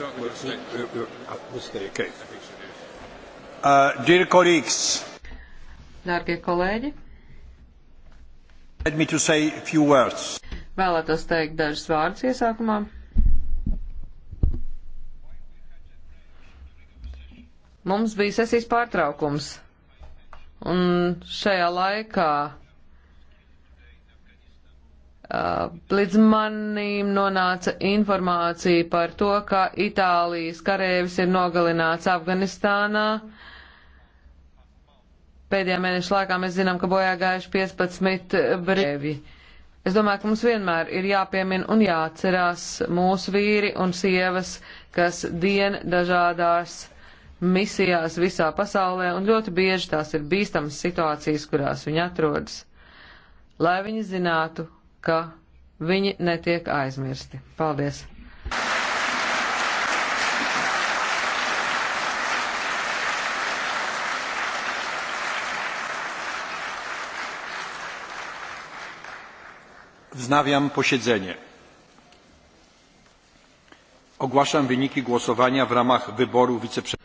start with this next one. Okay. Uh, dear colleagues. Dārgie kolēģi. Let me to say a few words. Vēlētos teikt dažus vārdus iesākumā. Mums bija sesijas pārtraukums. Un šajā laikā Uh, līdz manim nonāca informācija par to, ka Itālijas karēvis ir nogalināts Afganistānā. Pēdējā mēneša laikā mēs zinām, ka bojā gājuši 15 brīvi. Es domāju, ka mums vienmēr ir jāpiemina un jāatcerās mūsu vīri un sievas, kas dien dažādās misijās visā pasaulē, un ļoti bieži tās ir bīstamas situācijas, kurās viņi atrodas. Lai viņi zinātu, ka viņi netiek aizmirsti. Paldies! Wznawiam posiedzenie. Ogłaszam wyniki głosowania w ramach wyboru wiceprzewodniczącego.